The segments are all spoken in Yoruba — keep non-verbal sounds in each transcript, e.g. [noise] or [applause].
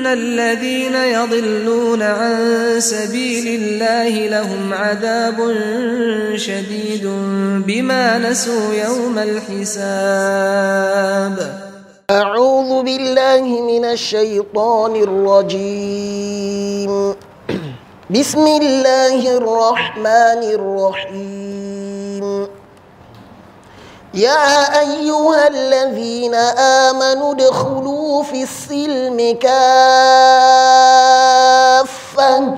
ان الذين يضلون عن سبيل الله لهم عذاب شديد بما نسوا يوم الحساب اعوذ بالله من الشيطان الرجيم [clears throat] بسم الله الرحمن الرحيم يا ايها الذين امنوا ادخلوا في السلم كافة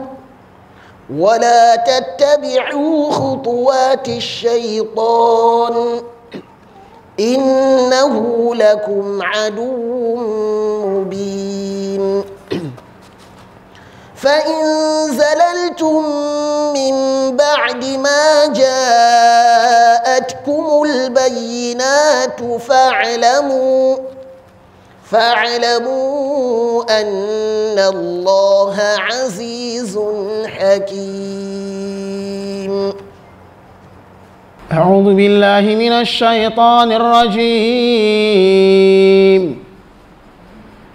ولا تتبعوا خطوات الشيطان إنه لكم عدو مبين فإن زللتم من بعد ما جاءتكم البينات فاعلموا فاعلموا ان الله عزيز حكيم اعوذ بالله من الشيطان الرجيم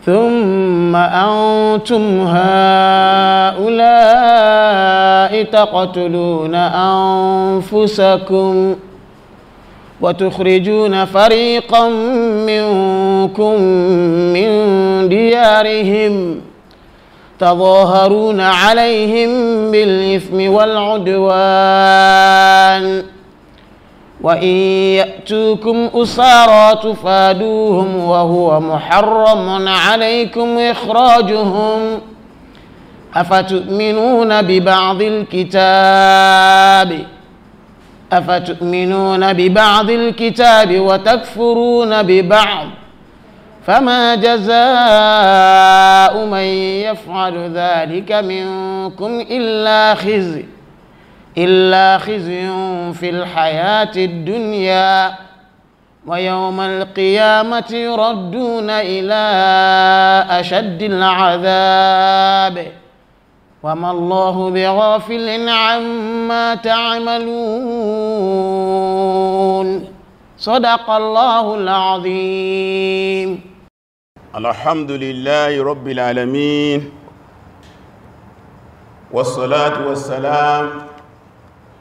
ثم انتم هؤلاء تقتلون انفسكم وتخرجون فريقا منكم من ديارهم تظاهرون عليهم بالإثم والعدوان وإن يأتوكم أسارى تفادوهم وهو محرم عليكم إخراجهم أفتؤمنون ببعض الكتاب ؟ أفتؤمنون ببعض الكتاب وتكفرون ببعض فما جزاء من يفعل ذلك منكم إلا خزي إلا خزي في الحياة الدنيا ويوم القيامة يردون إلى أشد العذاب وما الله بغافل عما تعملون صدق الله العظيم الحمد لله رب العالمين والصلاة والسلام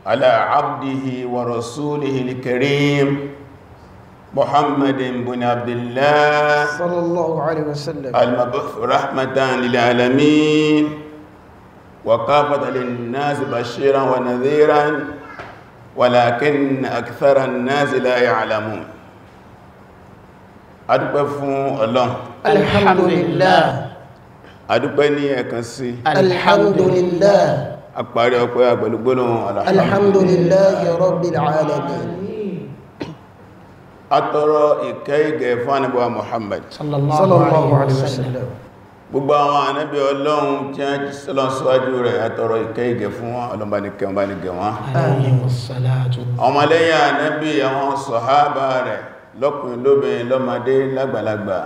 على عبده ورسوله الكريم محمد بن عبد الله صلى الله عليه وسلم المبعوث رحمة للعالمين وكافة للناس بشيرا ونذيرا ولكن أكثر الناس لا يعلمون adúpẹ́ fún Ọlọ́run alhamdulillah adúpẹ́ ní ẹ̀kan sí alhamdulillah àparí ọpẹ́ àgbẹ̀lúgbónà alhamdulillah rabbil alamin atọ́rọ ìkẹ́ ìgẹ̀ fún ànábì Muhammad sallallahu alaihi wasallam gbogbo àwọn ànábì ọlọ́run tí a ti sọ́lọ́n síwájú rẹ̀ àtọrọ ìkẹ́ ìgẹ̀ fún wọn ọlọ́mbanigẹ̀ ọmọbanigẹ̀ wọn ọmọlẹ́yìn ànábì àwọn sọ̀hábà rẹ̀ lọ́kùnrin lóbìnrin lọ́mọdé lágbàlagbà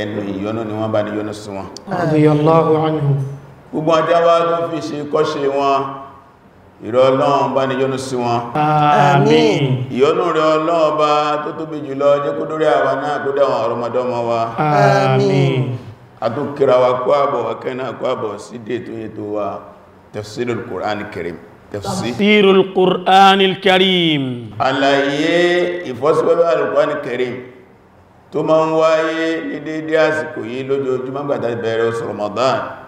ẹnu ìyọ́nú ni wọ́n bá ní yọ́nú sí wọn anhu gbogbo ajáwá tó fi ṣe kọ́ṣe wọn ìrọ̀ ọlọ́run bá ní yọ́nú sí wọn àmín ìyọ́nú rẹ̀ ọlọ́run bá a tún kíra wa kó àbọ̀ akẹ́nà kó àbọ̀ sí dé tó yẹ tó wa tafsirul Qur'an karim tafsirul Qur'an karim àlàyé ìfọ́síwẹ́wẹ́ al-Qur'an karim tó ma ń wáyé ní dédé àsìkò yìí lójoojúmọ́ gbàtà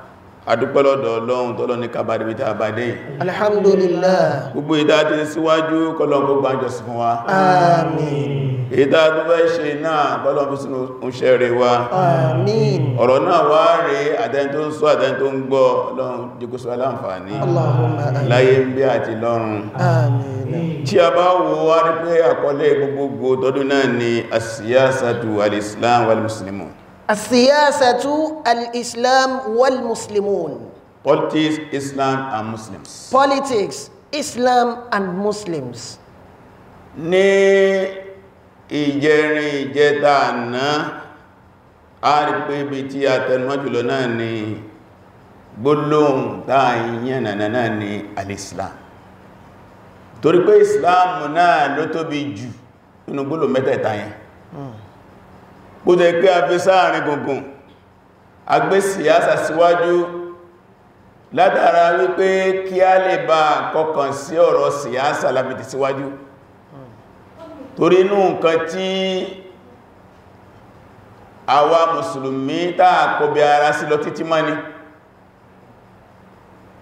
ìdá tó bẹ́ ṣe náà bọ́lọ̀ fi sínú oúnṣẹ́ rẹ̀ wá àmín ọ̀rọ̀ náà wá rí àdẹ́n tó ń sọ àdẹ́n tó ń gbọ́ lọ́run jẹ́kúsọ́ aláǹfààní láyé ń bí àti lọ́run tí a bá wo wá rí pé àkọlé gbogbogbò tọdún náà ni asíyásàtù alìsìlám wàlmùsìlìmù asíyásàtù alìsìlám politics islam and muslims politics islam and muslims ní ìjẹrin ìjẹta àná a rí pé ibi tí a tẹnumọ́ jùlọ náà ni gbólóhùn táà yẹn nànà náà ni al-Islam torí pé Islam náà ló tóbi jù nínú gbólóhùn mẹ́tẹ̀ẹ̀ta yẹn bó jẹ́ pé a fi sáàrin gungun a gbé síwájú látara wípé kí a lè bá kọkàn sí ọ̀rọ̀ síyásà lábìtì síwájú si torí inú nǹkan tí àwa mùsùlùmí táà kò bí ara sí lọ títí má ní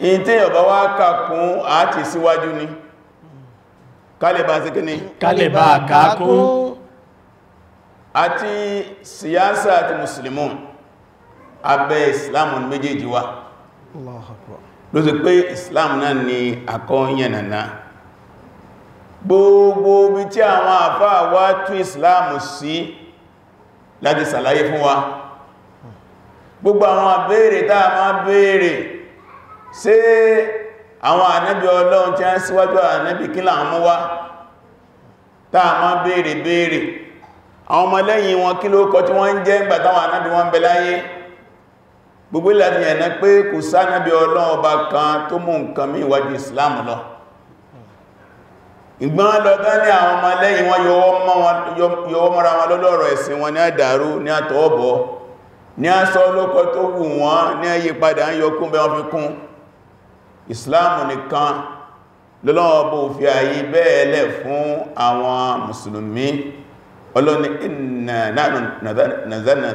in tí yọ̀bá wá kàkún àti síwájú ni kálẹ̀bá sí kí kálẹ̀bá kàkún àti siyasa àti mùsùlùmí abẹ́ islamun méjèèjì wa ló pé islam náà ni àkọ́ yẹnàná gbogbo omi tí àwọn àfáà wá tún Islam sí láti sàlàyé fún wa gbogbo àwọn àbẹ́rẹ̀ táà máa bẹ́rẹ̀ ṣé àwọn ànábì ọlọ́run tí a ń síwájú ànábì kí láà mú wá táà máa bẹ́rẹ̀ bẹ́rẹ̀ àwọn ọmọlẹ́yìn wọn kí ló kọ tí wọ́n jẹ́ ńgbà táwọn ànábì wọn bẹ láyé gbogbo ìlànà pé kò sánábì ọlọ́run ọba kan tó mú nǹkan mí ìwájú Islam lọ ìgbọ́n lọ́gá ní àwọn ọmọ lẹ́yìn wọn yọwọ́ mọ́ra wọn lọ́lọ́rọ̀ ẹ̀sìn wọn ní àdàrú ní àtọ́ọ̀bọ̀ ní àṣọ olókọ tó wù wọ́n ní àyípadà ń yọkún bẹ́ wọ́n fi kún ìsìláàmù nìkan lọ́lọ́ọ̀bọ̀ fi àyí bẹ́ẹ̀lẹ̀ fún àwọn mùsùlùmí ọlọ́ni inna nahnu nazzalna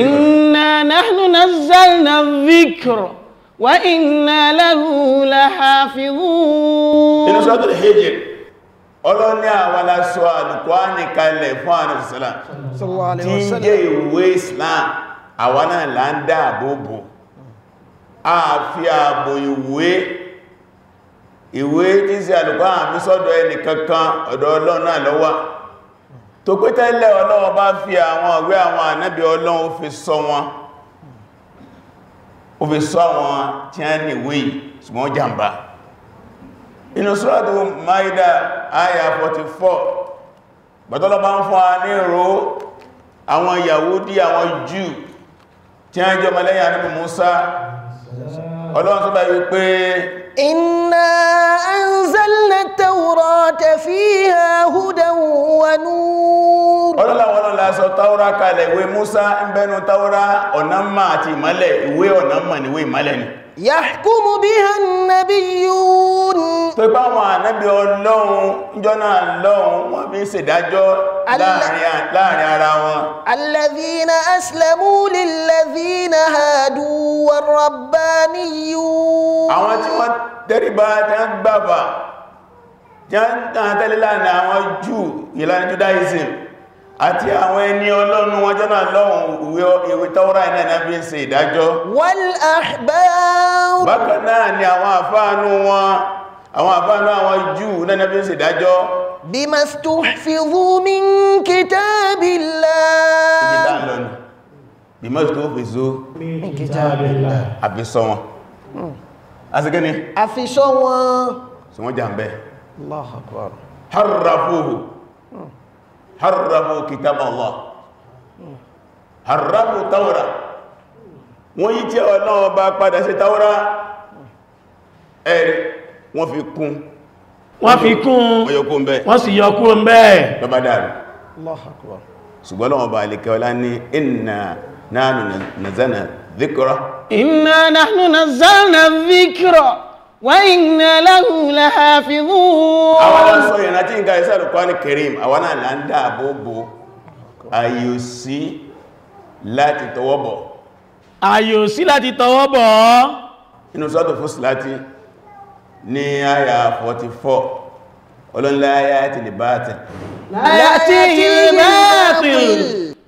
inna nahnu nazzalna dhikra wa inna hijr ọlọ́ni àwàlásọ àlùkùránì kalẹ̀ fún àrẹ̀sìsìlá tí ń jẹ́ ìwé Islam àwọnà láńdá àbóbò a fi ààbò ìwé ìwé tí sí àlùkùránì àmì sọ́dọ̀ ẹni kankan ọ̀dọ̀ ọlọ́nà lọ́wà tó pé tẹ́lẹ̀ Ọlọ́run bá fi àwọn ìwé àwọn ànábì Ọlọ́run ó fi sọ wọn ó fi sọ wọn tí a ní ìwé yìí ṣùgbọ́n inú Suratu Maida aya 44 gbàtọ́lọ́ bá ń fún a ní ìró àwọn Yahudi àwọn Júù tí a jọ mọ́lẹ́yìn ànábì Musa ọlọ́run tó bá wípé inna anzalna at-taurata fiha hudan wa nur ọlọ́láwọ́lọ́ lásọ taura kalẹ̀ torí bá wọn ànábì ọlọ́run jọ́nà lọ́run wọ́n bí ṣèdájọ́ láàrin ara wọn alladhina aslamu lilladhina hadu warrabbaniyun àwọn tí wọ́n tẹríba tẹ́ ń gbàbà tẹ́lẹ̀lànà àti àwọn ẹni ọlọ́run wọn jọ́nà lọ́run ìwé tọ́wọ́rá iná iná bí ń ṣe ìdájọ́ wal ahbar bákan náà ni àwọn àfáànú wọn àwọn àbánú àwọn jù náà ń ṣe ìdájọ́ bí ma stú fi zú min kitabillah ìgbìdá bí ma min kitabillah àbísọ́ wọn àsìkẹ́ hmm. ni àfisọ́ wọn sí wọ́n jàmbẹ́ Allahu akbar harrafuhu hmm. harrafu kitab Allah hmm. harrafu tawra wọ́n yí tí ọ̀nà ọba padà sí tawra ẹ̀rì wọ́n fi kún wọ́n fi kún wọ́n sì yọ kúrò ń bẹ́ẹ̀ lọ́bá dáadọ́ ṣùgbọ́n lọ́wọ́ bá ilẹ̀ kẹwàlá ní inna nahnu nazzalna dhikra inna nahnu nazzalna dhikra wa inna lahu lahafizun àwọn aláṣọ ìrántí ń ga iṣẹ́ Al-Qur'an Karim àwọn náà ń dáàbòbò àyòsí láti tọwọ́bọ̀ ní àyà 44 ọlọ́nlá ayá ti lè bá tẹ̀ láti ìbáàtìl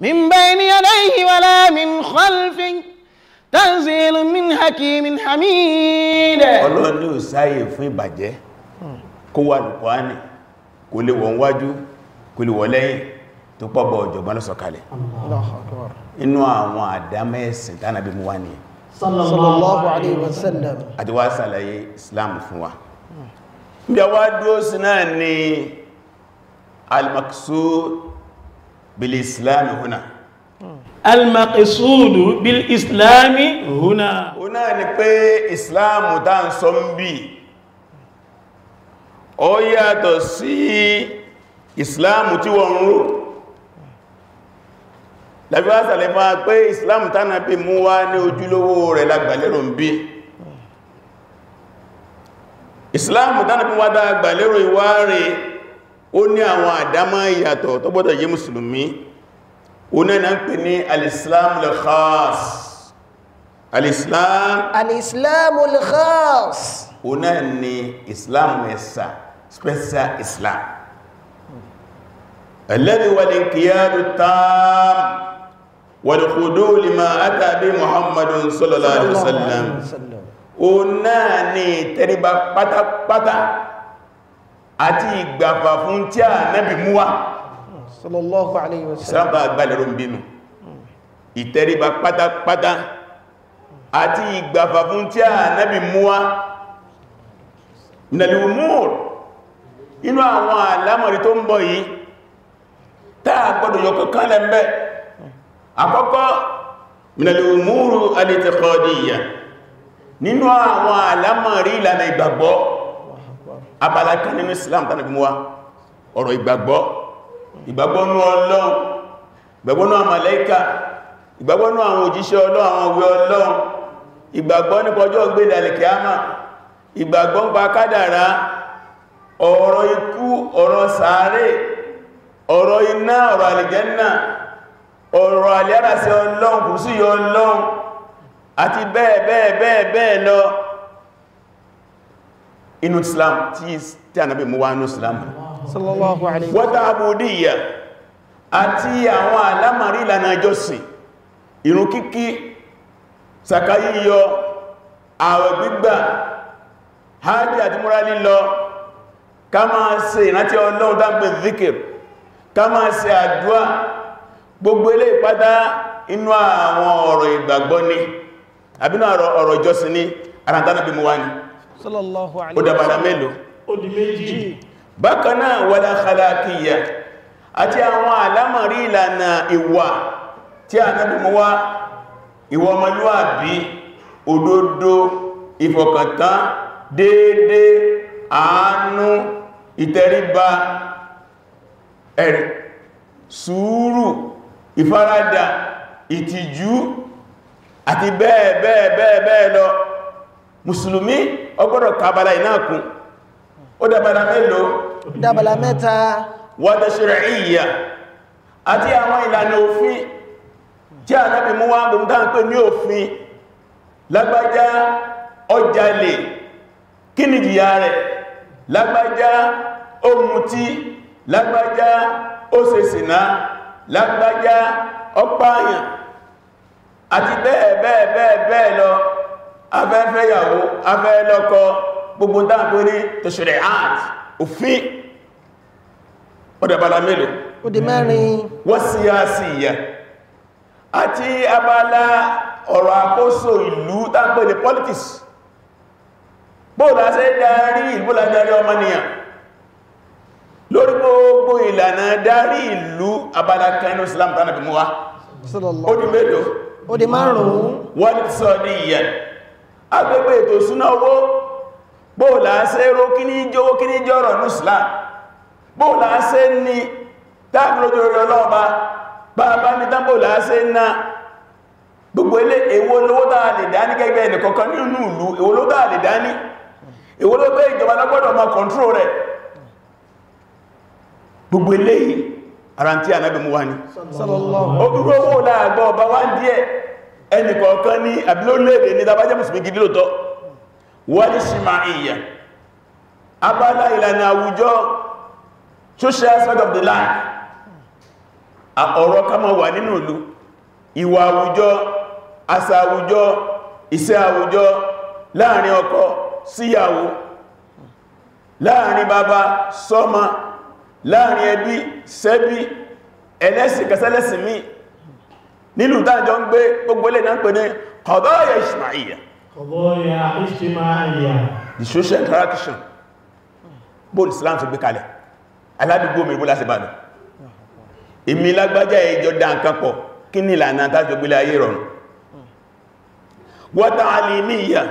min bayni yadayhi wala min khalfi tanzilun min hakimin hamid ọlọ́run ní ò sáyè fún ìbàjẹ́ kó wà ní Kùránì kò lè wọ́n wájú kò lè wọ́n lẹ́yìn tó pọ̀bọ̀ ọ̀jọ̀gbọ́n lọ́sọ̀kalẹ̀ inú àwọn àdámẹ́sìn tánàbí mú wá nìyàn sallallahu alayhi wa sallam àti wá sàlàyé islam fún wa bí a wá dúró sí náà ni al-maqsud bil islam huna al-maqsud bil huna huna ni pé islam tá ń sọ ń bí ó yàtọ̀ sí islam tí wọ́n rú lábí wá sàlẹ̀ máa pé islam tánà bí mú wá ní ojúlówó rẹ̀ lágbàlérò ń bí islam tánà bí wá dágbàlérò ìwá rẹ̀ ó ní àwọn àdámá ìyàtọ̀ tó gbọ́dọ̀ yé mùsùlùmí ó ní ẹ̀nà ń pè ní al-islam al-khas al ó ní wàdùkúdó lè máa átàbí muhammadun sallallahu alaihi wasallam o náà ni tẹríba pátápátá àti ìgbàfà fún tí a nẹ́bì múwá sallallahu alaihi wasallam sábà gbálẹ̀rọ bínú ìtẹríba pátápátá àti ìgbàfà fún tí a nẹ́bì múwá àkọ́kọ́ minal umuru al-i'tiqadiyya nínú àwọn àlámọ̀rí ìlànà ìgbàgbọ́ abala kan nínú Islam tánàbí mú wa ọ̀rọ̀ ìgbàgbọ́ ìgbàgbọ́ nú Ọlọ́run ìgbàgbọ́ nú àwọn màláíkà ìgbàgbọ́ nú àwọn òjíṣẹ́ Ọlọ́run àwọn òwe Ọlọ́run ìgbàgbọ́ nípa ọjọ́ ìgbédàlẹ̀ kìámà ọ̀rọ̀ àlẹ́ra sí ọlọ́run kò sí ọlọ́run àti bẹ́ẹ̀ bẹ́ẹ̀ bẹ́ẹ̀ bẹ́ẹ̀ lọ inú islam tí tí ànábì mú wá inú islam sallallahu alaihi wọ́ta abúdíyà àti àwọn alámàrí ìlànà ìjọsìn ìrun kíkí sàká yíyọ àwẹ̀ gbígbà hajj àti múra lílọ ká máa ṣe ìrántí ọlọ́run dágbé zikir ká máa ṣe àdúà gbogbo ilé ìpátá inú àwọn ọ̀rọ̀ ìgbàgbọ́ ni àbínú ọ̀rọ̀ ìjọsìn ní àrántánà bí mú wá ní sallallahu alaihi wasallam ó dàbàdà mélòó ó di méjì bákan náà wala khalaqiyya àti àwọn àlámọ̀rí ìlànà ìwà tí Ànábì mú wá ìwà ọmọlúwàbí òdodo ìfọkàntán déédé àánú ìfaradà ìtìjú àti bẹ́ẹ̀ bẹ́ẹ̀ bẹ́ẹ̀ bẹ́ẹ̀ lọ mùsùlùmí ọgbọ́dọ̀ kàbàlà ìnáàkùn ó dàbàlà mélòó dàbàlà mẹ́ta wọ́dẹ̀ ṣẹ̀rẹ̀íyà àti àwọn ìlànà òfin tí a náà bí mú wá gbogbo dáńpé ní òfin lágbájá ọjàlè kí ni jìyà rẹ̀ lágbájá ó mutí lágbájá ó ṣe lágbájá ọpáyàn àti bẹ́ẹ̀ bẹ́ẹ̀ bẹ́ẹ̀ bẹ́ẹ̀ lọ afẹ́fẹ́yàwó afẹ́lọ́kọ gbogbo dáàbò ní tòṣèrè art òfin ọdẹ̀bàlá mélòó òdè mẹ́rin wọ́n sí á sí ìyà àti abala ọ̀rọ̀ àkóso ìlú tágbẹ̀ politics bóòlá sẹ́ darí ìbúlá darí ọmọnìyàn lórí gbogbo ìlànà darí ìlú abalakanú islam tánà bí mú ó di mélòó ó di márùn-ún wọ́n ti sọ ní ìyẹn agbègbè ètò súná owó bóòlá ṣe ró kí jówó kí ní jọ́rọ̀ ní islam bóòlá ṣe ní tágbòlójòrò ọlọ́ọ̀bá ní gbogbo eléyìí ara tí ànábì mú wá ní ogúrú owó láàgbà ọba wá ń díẹ̀ ẹni kọ̀ọ̀kan ní àbílóléèdè ní tàbájẹ́ mùsùlùmí gidi lóòtọ́ wọ́n ní ṣìmá ìyà abala ìlànà àwùjọ social aspect of the life ọ̀rọ̀ kama wà nínú ìlú ìwà àwùjọ láàrin ọkọ sọ́mọ láàrin ẹbí sẹ́bí ẹlẹ́sìn kẹsẹ́lẹ́sìn mí nílùú dájọ́ ń gbé gbogbo ilẹ̀ náà pè ní qadaya ishma'iya social interaction bóòlù Islam ti gbé kalẹ̀ aládùgbò mi bóòlù àṣìbàdàn èmi lágbájá ìjọ dá nǹkan pọ̀ kí ni ìlànà gbélé ayé rọrùn wa ta'alimiya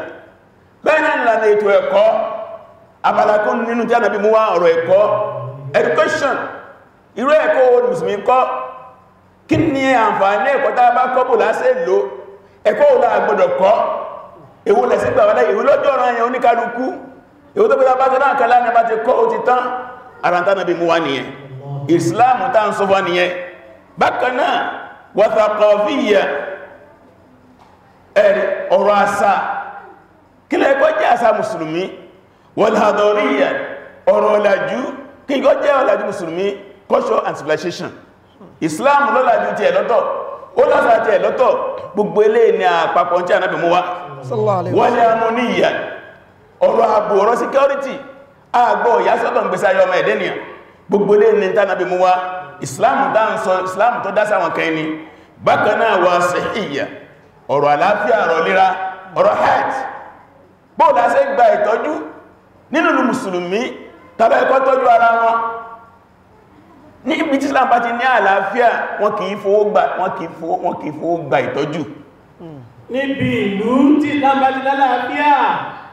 bẹ́ẹ̀ náà ìlànà ètò ẹ̀kọ́ nínú tí a nàbí mú wá ọ̀rọ̀ ẹ̀kọ́ education irú ẹ̀kọ́ owó musulmi kọ́ kí ní àǹfààní ẹ̀kọ́ tá bá kọ́ bù lásẹ̀ lò ẹ̀kọ́ òlà àgbọ̀dọ̀ kọ́ èwo lẹ̀sí gbà wọ́lẹ̀ ìwé lọ́jọ́ ọ̀rọ̀ ẹ̀yẹn oníkálukú èwo tó gbọ́dá bá tẹ́ náà kẹlá ní bá ti kọ́ ó ti tán ara tánà bí mú wá nìyẹn Islam tá ń sọ wá nìyẹn bákan náà wọ́sàkọ̀fíyà ọ̀rọ̀ àṣà kí lẹ́kọ́ jẹ́ àṣà ọ̀rọ̀ ọ̀làjú kí n kọ́ jẹ́ ọ̀làjú mùsùlùmí culture and civilization islam lọ́làjú ti ẹ̀lọ́tọ̀ ó lásà ti ẹ̀lọ́tọ̀ gbogbo ilé ní àpapọ̀ tí ànábì mú wá wọ́n ní àmú ní ìyà ọ̀rọ̀ ààbò ọ̀rọ̀ security àgbọ̀ ìyá sọ́tọ̀ ń gbèsè ayọmọ ẹ̀dẹ́nìyàn gbogbo ilé ní islam dáǹsọ islam tó dá sáwọn kan ni bákan náà wà sẹ́hìyà ọ̀rọ̀ àlàáfíà ọ̀rọ̀ líra ọ̀rọ̀ hajj bóòlá sẹ́ tàbí ẹ̀kọ́ tọ́jú ara wọn ní ibi tí Islam bá ti ní àlàáfíà wọn kìí fowó gba ìtọ́jú hmm. níbi ìlú tí Islam bá ti lálàáfíà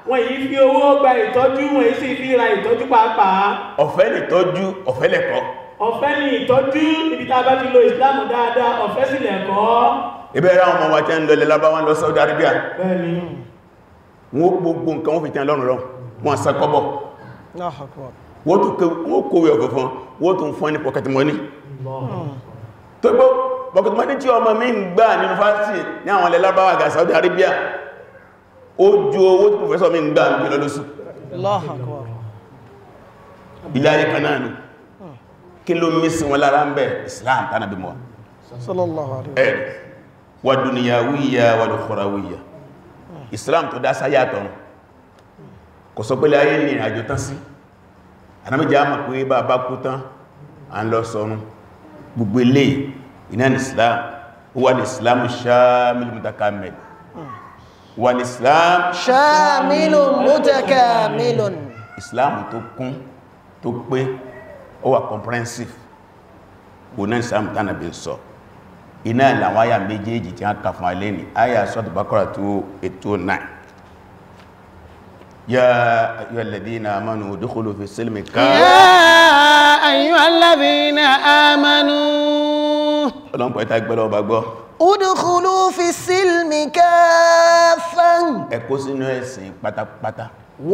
wọn yìí fi owó gba ìtọ́jú wọn yìí sì fi ra ìtọ́jú pàápàá ọ̀fẹ́ ni ìtọ́jú ọ̀fẹ́ lẹ̀kọ́ ọ̀fẹ́ ni ìtọ́jú ibi tá bá ti lo Islam dáadáa ọ̀fẹ́ sì lẹ̀kọ́ ìbẹ̀rẹ̀ àwọn ọmọ wa tẹ́ ń lọlẹ̀ lábáwọn lọ Saudi Arabia wọ́n gbogbo nǹkan wọ́n fi tẹ́ lọ́rùn lọ wọ́n sàkọ́bọ̀ wọ́n tún kówé ọ̀gọ̀ fún wọ́n tún fún ní pocket money tó gbọ́ pocket money tí ọmọ mi ń gbà ní university ní àwọn ilẹ̀ lábáwà gà Saudi Arabia ó ju owó tí professor mi ń gbà ní lọ́lọ́sù ilé ayé kan náà ni kí ló mí sí wọn lára ń bẹ̀ Islam tánàbí mọ́ wà dúnìyàwíyà wà lọ́kọ̀ọ́wíyà Islam tó dá sáyà tọrùn kò sọ pé láyé ní ìrìnàjò tán sí anábíjá mọ̀ pé bá bá kú tán a ń lọ sọ́run gbogbo ilé iná ní islam wà ní islam ṣàmìlù mutakamil wà ní islam ṣàmìlù mutakamil islam tó kún tó pé ó wà comprehensive kò náà islam tánàbí sọ iná ìlànà àyà méjèèjì tí يا أيها الذين آمنوا ادخلوا في السلم كافة يا أيها الذين آمنوا Ọlọ́run pọ̀ ẹta gbẹ́lọ ọba gbọ́. Udkhulu fi silmi kaffan. Ẹ kó sínú ẹ̀sìn pátápátá.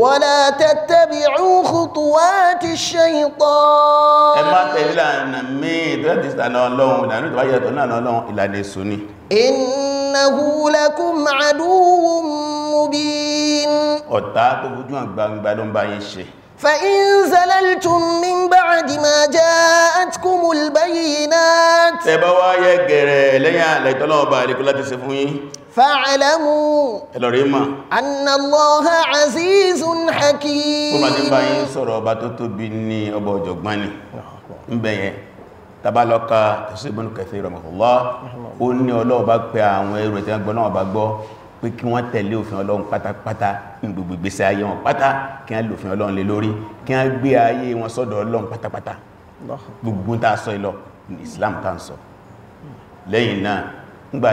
Wala tattabi'u khutuwati shaytan. Ẹ má tẹ̀lé ìlànà míì tó láti ìlànà Ọlọ́run, ìlànà ìtọ́bájẹ́ ìtọ́nà Ọlọ́run ìlànà èso ni innahu lakum aduwwun mubin ọ̀tá tó fojú hàn gbangba ló ń bá yín ṣe fa in zalaltum min ba'di ma ja'atkumul bayyinat tẹ́ bá wá yẹ̀ gẹ̀rẹ̀ lẹ́yìn àlẹ́tọ́lọ́ ọba àríkú láti ṣe fún yín fa'alamu ẹlọ́rìmọ̀ anna Allaha azizun hakim kó ma ní bá yín sọ̀rọ̀ ọba tó tóbi ní ọba ọ̀jọ̀gbọ́n ni ń bẹ̀yẹn tabalọ́ka tẹ̀síbọnù kẹfẹ́ ìrọ̀mọ̀lá ó ní ọlọ́wọ́ bá pẹ àwọn ẹrù ẹ̀tẹ́ gbọ́n náà bá gbọ́ pé kí wọ́n tẹ̀lé òfin ọlọ́run pátápátá ní gbogbo ìgbésẹ̀ ayé wọn pátá kí wọ́n lòfin ọlọ́run lé lórí kí wọ́n gbé ayé wọn sọ́dọ̀ ọlọ́run pátápátá gbogbo tá a sọ ìlọ ní Islam tá ń sọ lẹ́yìn náà ńgbà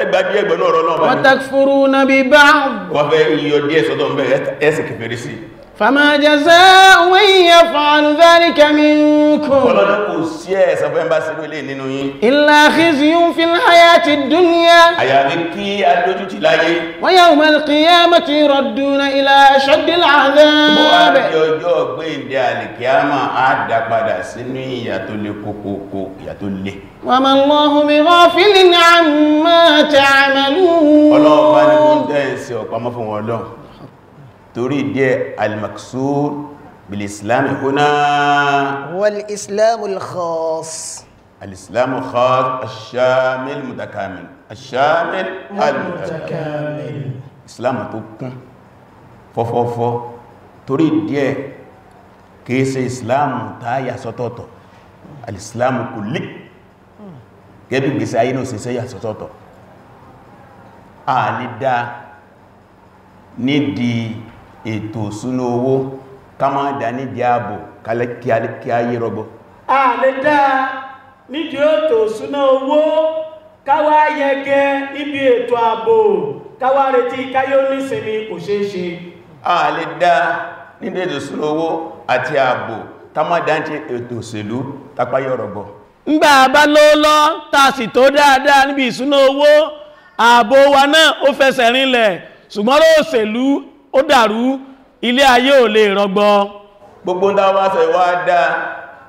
fẹ́ gbá díẹ̀ gbọ́nà ọ̀rọ̀ náà wọ́n takfuruna bi ba'd wọ́n fẹ́ yíyọ díẹ̀ sọ́dọ̀ mẹ́rẹ̀ ẹ̀sì sí fama jaza'u man yaf'alu dhalika minkum ọlọ́dún kò sí ẹ̀san fẹ́ ń bá sílú ilé nínú yín illa khizyun fil hayati dunya àyàrí kí adójú ti láyé wa yawmal qiyamati yuradduna ila ashaddil adhab mọ́ àríyọ ọjọ́ torí díẹ̀ al-maqsud bil-islam huna wal-islam al-khass al-islam al-khass ash-shamil mutakamil ash-shamil al-mutakamil islam tó kún fọ́fọ́fọ́ torí díẹ̀ kìí ṣe islam táyà sọ́tọ̀ọ̀tọ̀ al-islam kulli gẹ́bí gbèsè ayé náà ṣe yà sọ́tọ̀ọ̀tọ̀ a ní dá ní di ètò súnú owó ká má dá nídìí ààbò kí ayé rọgbọ a lè dá nídìí ètò súnú owó káwá yẹgẹ níbi ètò ààbò káwá retí káyó nísinmi kò ṣeé ṣe a lè dá nídìí ètò súnú owó àti ààbò ká má dá ní ètò òṣèlú tápáyé rọgbọ ńgbà bá lọ́ọ́lọ́ tàṣì tó dáadáa níbi ìsúná owó ààbò wa náà ó fẹsẹ̀ rinlẹ̀ ṣùgbọ́n lóòṣèlú ó dàrú ilé ayé ò lè rọgbọ gbogbo dáwà ìwà dá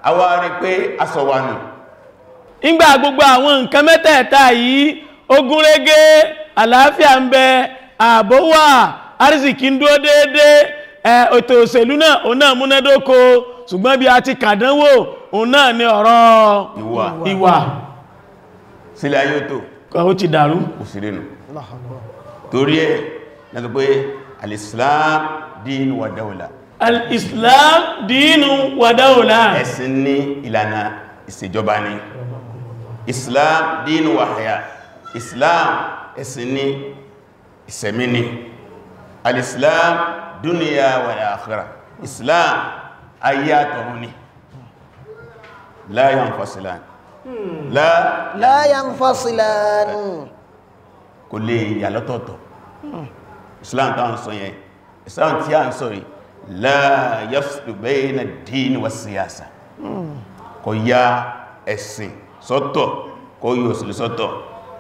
àwa rí pé asọ̀wànù ìgbà gbogbo àwọn nǹkan mẹ́tẹ̀ẹ̀ta yìí ogun àlàáfíà ń bẹ ààbò arzikí ń dúó ètò òṣèlú náà òun náà ṣùgbọ́n bí a ti kàdánwò náà ni ọ̀rọ̀ ìwà sílẹ̀ al-islam dín wa dáúlà al-islam dín wa dáúlà ẹ̀sìn ní ìlànà ìṣèjọba ni islam dín wa haya islam ẹ̀sìn ní ìṣẹ̀mí ni al-islam dúníyà wa akhira islam ayé àtọ̀run ni la yanfasilan hmm. la la kò lè yà lọ́tọ̀ọ̀tọ̀ hmm islam tá ń sọ yẹn islam tí a ń sọ rí la yafsilu bayna ad wa siyasa kò ya ẹ̀sìn sọ́tọ̀ kò yí òṣèlú sọ́tọ̀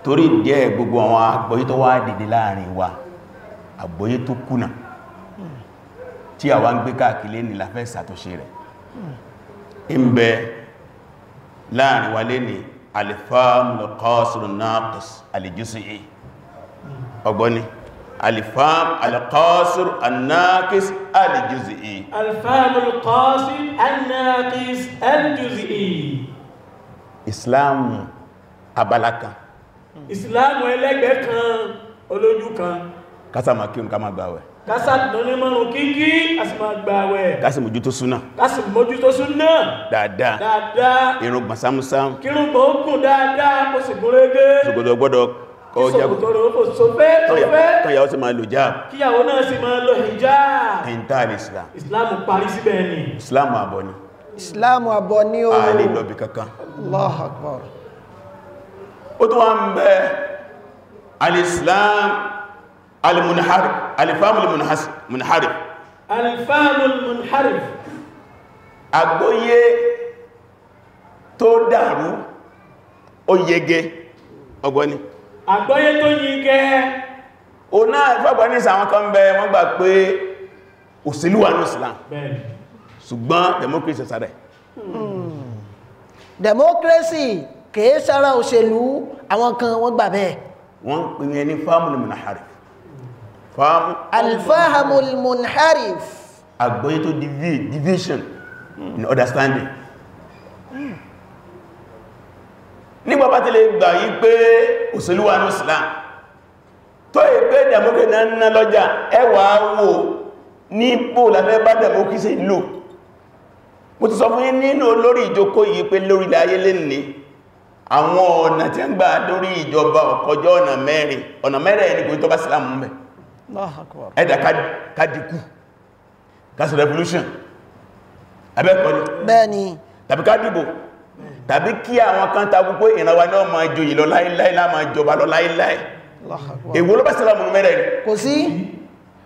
torí díẹ̀ gbogbo àwọn àgbọ́yé tó wá dìde láàrin wa àgbọ́yé tó kùnà tí a wá ń gbé káàkiri ní láfẹ́ ṣàtúnṣe rẹ̀ ń bẹ láàrin wa lé ní al-fahmul qasirun ọgbọ́ni الفام القاصر الناقص الجزئي الفام القاصر الناقص الجزئي Islam abala kan Islam ẹlẹ́gbẹ́ kan olójú kan kásá máa kírun ká máa gbààwẹ̀ kásá lóní mọ́rún kíkí kásí máa gbààwẹ̀ kásí mójú tó súnà kásí mójú tó súnà dáadáa dáadáa irun gbọ̀nsámúsám kírùn gbọ̀n dáadáa kó sì gúnrégé ọjà gbogbo kíyàwó sí máa lò jáàb islam islam parí síbẹ̀ ni islam àbọ̀ ni islam àbọ̀ ni o a lè kankan allah akbar ó tó wọ́n bẹ́ al-islam al-munharif al-fahmul munharif al-fahmul munharif àgbọ́yé tó dàrú ó yege ọgbọ́ni àgbọ́yé tó yí gẹ́ o náà fẹ́gbọ́ ní àwọn kan bẹ wọ́n gbà pé òṣèlú wà ní Islam ṣùgbọ́n democracy sáré hmm. democracy kìí sára òṣèlú àwọn kan wọ́n gbà bẹ́ẹ̀ wọ́n pè ní fáàmù al-munharif fáàmù al-fáàmù tó deviation in understanding hmm nígbà bá ti lè gbà yí pé òṣèlú wà ní Islam tó yí pé democracy náà ń ná lọ́jà ẹwà wò ní pò lábẹ́ bá democracy lò mo ti sọ fún yín nínú lórí ìjókòó yìí pé lórí ayé lè ní àwọn ọ̀nà tí ń revolution abẹ́kọ̀ọ́ ni bẹ́ẹ̀ ni tàbí kí àwọn kan takú pé ìrànwà náà máa joyè lọ láíláí láà máa jọba lọ láíláì èwo ló bá sílá mú mẹ́rẹ̀ ni kò sí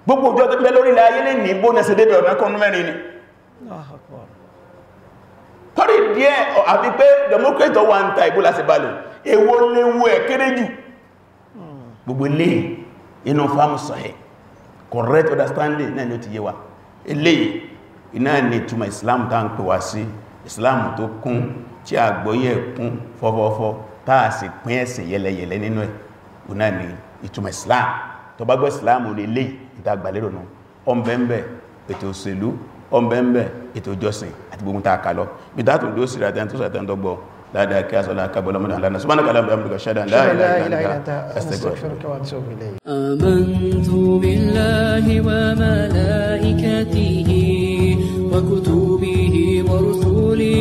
gbogbo òjò tó bẹ́ lórí láyé lè ní bó nẹ́sẹ̀ débẹ̀ ọ̀nà kan mẹ́rin ni kọ́rì díẹ̀ àbí pé democrat wà ń ta ìbó láti balẹ̀ èwo léwu ẹ̀ kéré jù hmm. gbogbo ilé inú fáàmù sọ̀hẹ̀ correct understanding náà ni ó ti yé wa ilé iná ni túnmọ̀ islam tá ń pè wá sí islam tó kún tí àgbọ́yé kún fọ́fọ́fọ́ táà sì pín ẹ̀sìn yẹlẹyẹlẹ nínú ẹ̀ ọ̀nà ni ìtumọ̀ Islam tó bá gbọ́ Islam lè lè ìdàgbàlérò nù ọmọbẹ̀m̀bẹ̀ ètò òṣèlú ọmọbẹ̀m̀bẹ̀ ètò ìjọsìn àti gbogbo tààkà lọ bí dátò ló sì ràtẹ́ tó sàtẹ́ dọ́gbọ́ ládàá kí a sọ́lá kábọ̀lọ́ mọ́nà aláàrùn subhanaka allahumma wa